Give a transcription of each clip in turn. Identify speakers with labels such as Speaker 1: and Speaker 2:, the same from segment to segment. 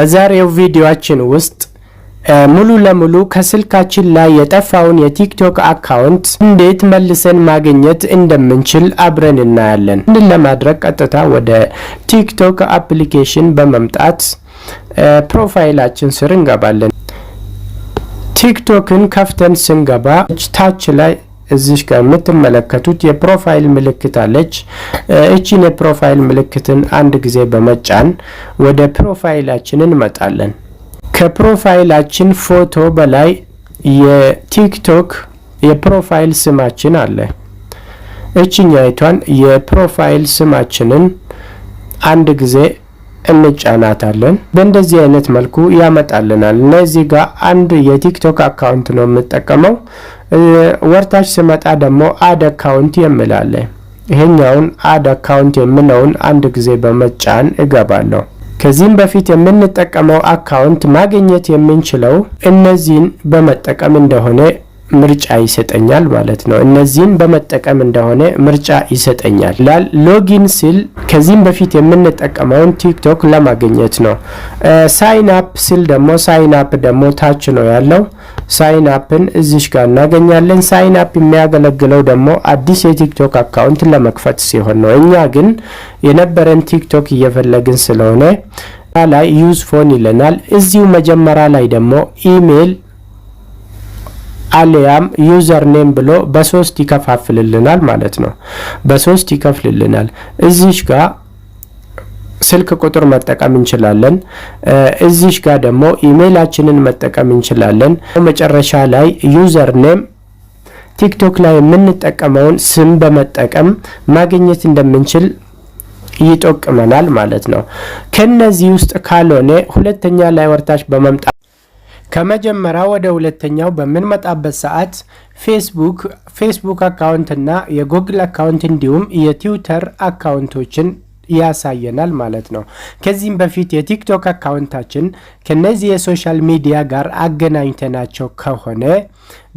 Speaker 1: በዛሬው ቪዲዮአችን ውስጥ ሙሉ ለሙሉ ከስልካችን ላይ የጠፋውን የቲክቶክ አካውንት እንዴት መልሰን ማግኘት እንደምንችል አብረን እናያለን። ምን ለማድረግ ቀጥታ ወደ ቲክቶክ አፕሊኬሽን በመምጣት ፕሮፋይላችን ስር እንገባለን። ቲክቶክን ከፍተን ስንገባ ታች ላይ እዚህ ጋር የምትመለከቱት የፕሮፋይል ምልክት አለች። እቺን የፕሮፋይል ምልክትን አንድ ጊዜ በመጫን ወደ ፕሮፋይላችን እንመጣለን። ከፕሮፋይላችን ፎቶ በላይ የቲክቶክ የፕሮፋይል ስማችን አለ። እችኛይቷን የፕሮፋይል ስማችንን አንድ ጊዜ እንጫናታለን። በእንደዚህ አይነት መልኩ ያመጣልናል። እነዚህ ጋር አንድ የቲክቶክ አካውንት ነው የምጠቀመው። ወርታች ስመጣ ደግሞ አድ አካውንት የምላለ ይሄኛውን አድ አካውንት የምለውን አንድ ጊዜ በመጫን እገባለሁ። ከዚህም በፊት የምንጠቀመው አካውንት ማግኘት የምንችለው እነዚህን በመጠቀም እንደሆነ ምርጫ ይሰጠኛል ማለት ነው። እነዚህን በመጠቀም እንደሆነ ምርጫ ይሰጠኛል ላል ሎጊን ስል ከዚህም በፊት የምንጠቀመውን ቲክቶክ ለማግኘት ነው። ሳይን አፕ ስል ደግሞ ሳይን አፕ ደግሞ ታች ነው ያለው። ሳይን አፕን እዚሽ ጋር እናገኛለን። ሳይን አፕ የሚያገለግለው ደግሞ አዲስ የቲክቶክ አካውንት ለመክፈት ሲሆን ነው። እኛ ግን የነበረን ቲክቶክ እየፈለግን ስለሆነ ላይ ዩዝ ፎን ይለናል። እዚሁ መጀመሪያ ላይ ደግሞ ኢሜይል አሊያም ዩዘር ኔም ብሎ በሶስት ይከፋፍልልናል ማለት ነው። በሶስት ይከፍልልናል። እዚሽ ጋር ስልክ ቁጥር መጠቀም እንችላለን። እዚሽ ጋር ደግሞ ኢሜይላችንን መጠቀም እንችላለን። መጨረሻ ላይ ዩዘር ኔም ቲክቶክ ላይ የምንጠቀመውን ስም በመጠቀም ማግኘት እንደምንችል ይጠቅመናል ማለት ነው። ከነዚህ ውስጥ ካልሆነ ሁለተኛ ላይ ወርታች በመምጣት ከመጀመሪያ ወደ ሁለተኛው በምንመጣበት ሰዓት ፌስቡክ ፌስቡክ አካውንትና የጉግል አካውንት እንዲሁም የትዊተር አካውንቶችን ያሳየናል ማለት ነው። ከዚህም በፊት የቲክቶክ አካውንታችን ከነዚህ የሶሻል ሚዲያ ጋር አገናኝተናቸው ከሆነ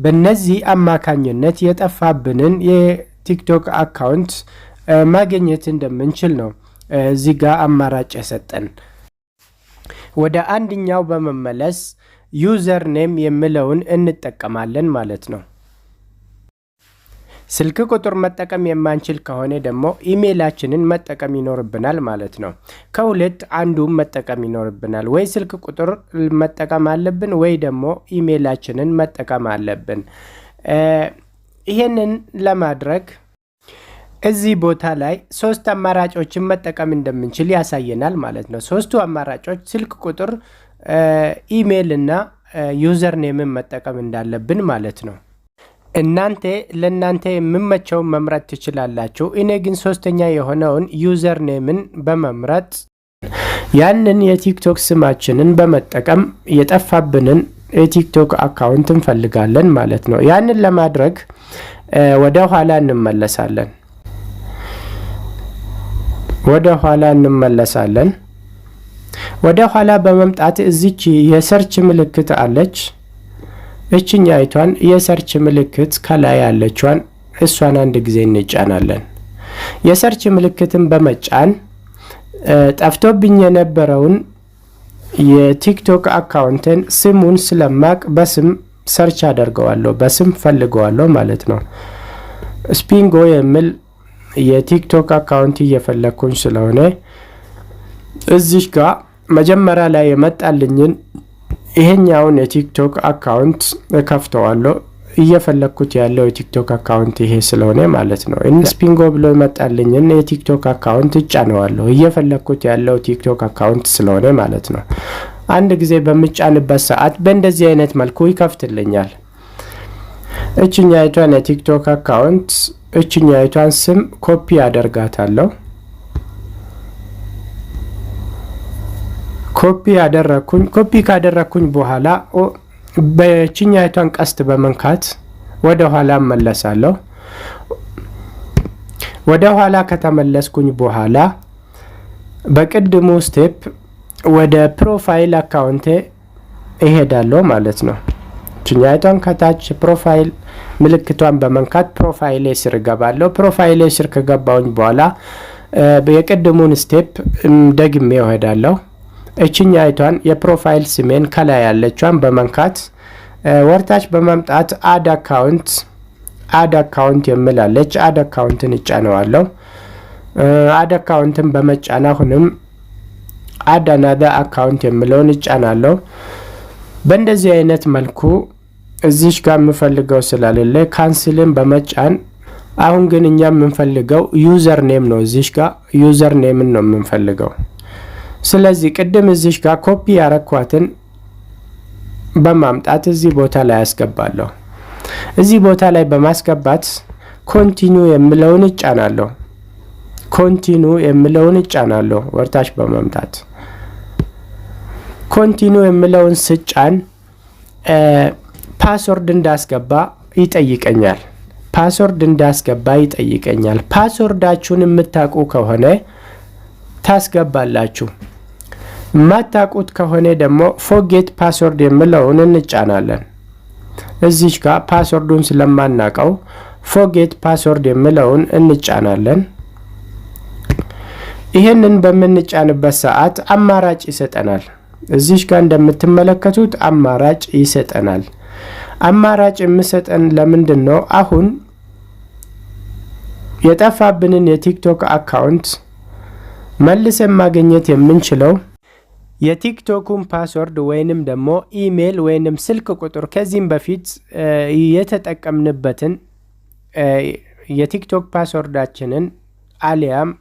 Speaker 1: በነዚህ አማካኝነት የጠፋብንን የቲክቶክ አካውንት ማግኘት እንደምንችል ነው እዚህ ጋር አማራጭ የሰጠን። ወደ አንድኛው በመመለስ ዩዘር ኔም የምለውን እንጠቀማለን ማለት ነው። ስልክ ቁጥር መጠቀም የማንችል ከሆነ ደግሞ ኢሜይላችንን መጠቀም ይኖርብናል ማለት ነው። ከሁለት አንዱ መጠቀም ይኖርብናል። ወይ ስልክ ቁጥር መጠቀም አለብን፣ ወይ ደግሞ ኢሜይላችንን መጠቀም አለብን። ይሄንን ለማድረግ እዚህ ቦታ ላይ ሶስት አማራጮችን መጠቀም እንደምንችል ያሳየናል ማለት ነው። ሶስቱ አማራጮች ስልክ ቁጥር ኢሜይል እና ዩዘር ኔምን መጠቀም እንዳለብን ማለት ነው። እናንተ ለእናንተ የምመቸውን መምረጥ ትችላላችሁ። እኔ ግን ሶስተኛ የሆነውን ዩዘር ኔምን በመምረጥ ያንን የቲክቶክ ስማችንን በመጠቀም የጠፋብንን የቲክቶክ አካውንት እንፈልጋለን ማለት ነው። ያንን ለማድረግ ወደ ኋላ እንመለሳለን ወደ ኋላ እንመለሳለን። ወደ ኋላ በመምጣት እዚች የሰርች ምልክት አለች። እችኛ አይቷን የሰርች ምልክት ከላይ ያለችዋን እሷን አንድ ጊዜ እንጫናለን። የሰርች ምልክትን በመጫን ጠፍቶብኝ የነበረውን የቲክቶክ አካውንትን ስሙን ስለማቅ በስም ሰርች አደርገዋለሁ፣ በስም ፈልገዋለሁ ማለት ነው። ስፒንጎ የሚል የቲክቶክ አካውንት እየፈለግኩኝ ስለሆነ እዚህ ጋር መጀመሪያ ላይ የመጣልኝን ይሄኛውን የቲክቶክ አካውንት ከፍተዋለሁ። እየፈለግኩት ያለው የቲክቶክ አካውንት ይሄ ስለሆነ ማለት ነው። ኢንስፒንጎ ብሎ ይመጣልኝን የቲክቶክ አካውንት እጫነዋለሁ። እየፈለግኩት ያለው ቲክቶክ አካውንት ስለሆነ ማለት ነው። አንድ ጊዜ በምጫንበት ሰዓት በእንደዚህ አይነት መልኩ ይከፍትልኛል። እችኛይቷን የቲክቶክ አካውንት እችኛይቷን ስም ኮፒ አደርጋታለሁ። ኮፒ ያደረኩኝ ኮፒ ካደረኩኝ በኋላ በችኛይቷን ቀስት በመንካት ወደ ኋላ እመለሳለሁ። ወደ ኋላ ከተመለስኩኝ በኋላ በቅድሙ ስቴፕ ወደ ፕሮፋይል አካውንቴ እሄዳለሁ ማለት ነው። ችኛይቷን ከታች ፕሮፋይል ምልክቷን በመንካት ፕሮፋይሌ ስር እገባለሁ። ፕሮፋይሌ ስር ከገባውኝ በኋላ የቅድሙን ስቴፕ ደግሜ እሄዳለሁ። እችኛይቷን የፕሮፋይል ስሜን ከላይ ያለችን በመንካት ወርታች በመምጣት አድ አካውንት አድ አካውንት የምላለች አድ አካውንትን እጫነዋለሁ። አድ አካውንትን በመጫን አሁንም አድ አናደ አካውንት የምለውን እጫናለሁ። በእንደዚህ አይነት መልኩ እዚች ጋር የምፈልገው ስላልለ ካንስልን በመጫን አሁን ግን እኛ የምንፈልገው ዩዘር ኔም ነው። እዚች ጋር ዩዘር ኔምን ነው የምንፈልገው። ስለዚህ ቅድም እዚሽ ጋር ኮፒ ያረኳትን በማምጣት እዚህ ቦታ ላይ አስገባለሁ። እዚህ ቦታ ላይ በማስገባት ኮንቲኒ የምለውን እጫናለሁ። ኮንቲኒ የምለውን እጫናለሁ ወርታች በማምጣት ኮንቲኒ የምለውን ስጫን ፓስወርድ እንዳስገባ ይጠይቀኛል። ፓስወርድ እንዳስገባ ይጠይቀኛል። ፓስወርዳችሁን የምታውቁ ከሆነ ታስገባላችሁ። ማታቁት ከሆነ ደግሞ ፎጌት ፓስወርድ የምለውን እንጫናለን። እዚች ጋር ፓስወርዱን ስለማናቀው ፎጌት ፓስወርድ የምለውን እንጫናለን። ይህንን በምንጫንበት ሰዓት አማራጭ ይሰጠናል። እዚች ጋር እንደምትመለከቱት አማራጭ ይሰጠናል። አማራጭ የምሰጠን ለምንድን ነው? አሁን የጠፋብንን የቲክቶክ አካውንት መልሰን ማግኘት የምንችለው የቲክቶኩን ፓስወርድ ወይንም ደግሞ ኢሜይል ወይንም ስልክ ቁጥር ከዚህም በፊት የተጠቀምንበትን የቲክቶክ ፓስወርዳችንን አሊያም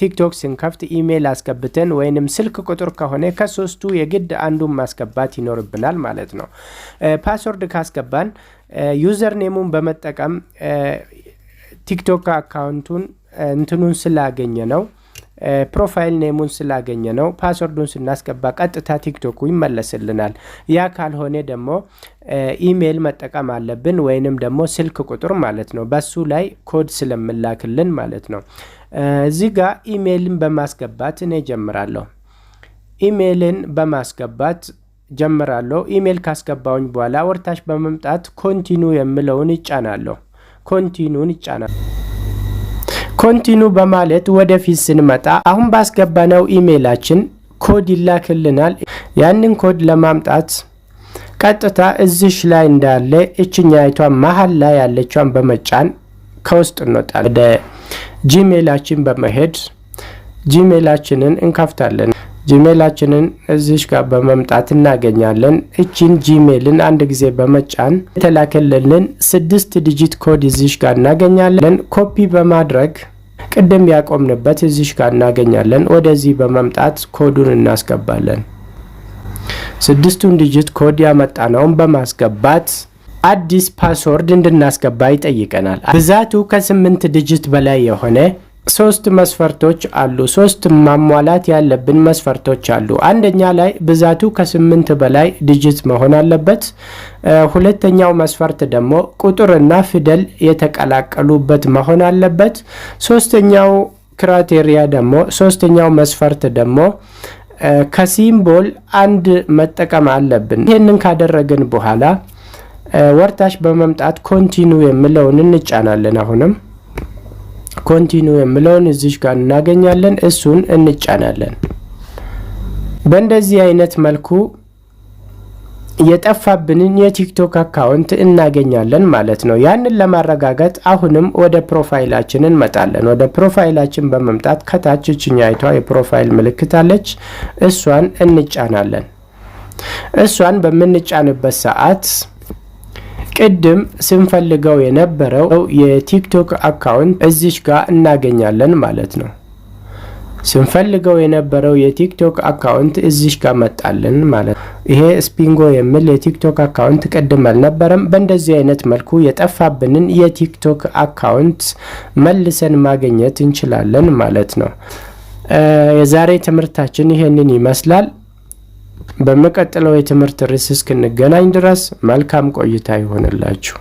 Speaker 1: ቲክቶክ ስንከፍት ኢሜይል አስገብተን ወይንም ስልክ ቁጥር ከሆነ ከሶስቱ የግድ አንዱን ማስገባት ይኖርብናል ማለት ነው። ፓስወርድ ካስገባን ዩዘር ኔሙን በመጠቀም ቲክቶክ አካውንቱን እንትኑን ስላገኘ ነው ፕሮፋይል ኔሙን ስላገኘ ነው። ፓስወርዱን ስናስገባ ቀጥታ ቲክቶኩ ይመለስልናል። ያ ካልሆነ ደግሞ ኢሜይል መጠቀም አለብን፣ ወይንም ደግሞ ስልክ ቁጥር ማለት ነው። በሱ ላይ ኮድ ስለምላክልን ማለት ነው። እዚህ ጋር ኢሜይልን በማስገባት እኔ ጀምራለሁ። ኢሜይልን በማስገባት ጀምራለሁ። ኢሜይል ካስገባውኝ በኋላ ወርታች በመምጣት ኮንቲኑ የምለውን ይጫናለሁ። ኮንቲኑን ይጫናል። ኮንቲኑ በማለት ወደፊት ስንመጣ አሁን ባስገባነው ኢሜይላችን ኮድ ይላክልናል። ያንን ኮድ ለማምጣት ቀጥታ እዚሽ ላይ እንዳለ እችኛይቷን መሀል ላይ ያለቿን በመጫን ከውስጥ እንወጣለን። ወደ ጂሜይላችን በመሄድ ጂሜይላችንን እንከፍታለን። ጂሜይላችንን እዚሽ ጋር በመምጣት እናገኛለን። እችን ጂሜይልን አንድ ጊዜ በመጫን የተላከልንን ስድስት ዲጂት ኮድ እዚሽ ጋር እናገኛለን። ኮፒ በማድረግ ቅድም ያቆምንበት እዚሽ ጋር እናገኛለን። ወደዚህ በመምጣት ኮዱን እናስገባለን። ስድስቱን ዲጂት ኮድ ያመጣነውን በማስገባት አዲስ ፓስወርድ እንድናስገባ ይጠይቀናል። ብዛቱ ከስምንት ዲጂት በላይ የሆነ ሶስት መስፈርቶች አሉ። ሶስት ማሟላት ያለብን መስፈርቶች አሉ። አንደኛ ላይ ብዛቱ ከስምንት በላይ ዲጂት መሆን አለበት። ሁለተኛው መስፈርት ደግሞ ቁጥርና ፊደል የተቀላቀሉበት መሆን አለበት። ሶስተኛው ክራቴሪያ ደግሞ ሶስተኛው መስፈርት ደግሞ ከሲምቦል አንድ መጠቀም አለብን። ይህንን ካደረግን በኋላ ወርታች በመምጣት ኮንቲኑ የምለውን እንጫናለን አሁንም ኮንቲኒ የምለውን እዚሽ ጋር እናገኛለን። እሱን እንጫናለን። በእንደዚህ አይነት መልኩ የጠፋብንን የቲክቶክ አካውንት እናገኛለን ማለት ነው። ያንን ለማረጋገጥ አሁንም ወደ ፕሮፋይላችን እንመጣለን። ወደ ፕሮፋይላችን በመምጣት ከታች አይቷ የፕሮፋይል ምልክት አለች። እሷን እንጫናለን። እሷን በምንጫንበት ሰዓት ቅድም ስንፈልገው የነበረው የቲክቶክ አካውንት እዚች ጋር እናገኛለን ማለት ነው። ስንፈልገው የነበረው የቲክቶክ አካውንት እዚሽ ጋር መጣልን ማለት ነው። ይሄ ስፒንጎ የሚል የቲክቶክ አካውንት ቅድም አልነበረም። በእንደዚህ አይነት መልኩ የጠፋብንን የቲክቶክ አካውንት መልሰን ማግኘት እንችላለን ማለት ነው። የዛሬ ትምህርታችን ይሄንን ይመስላል። በሚቀጥለው የትምህርት ርዕስ እስክንገናኝ ድረስ መልካም ቆይታ ይሆንላችሁ።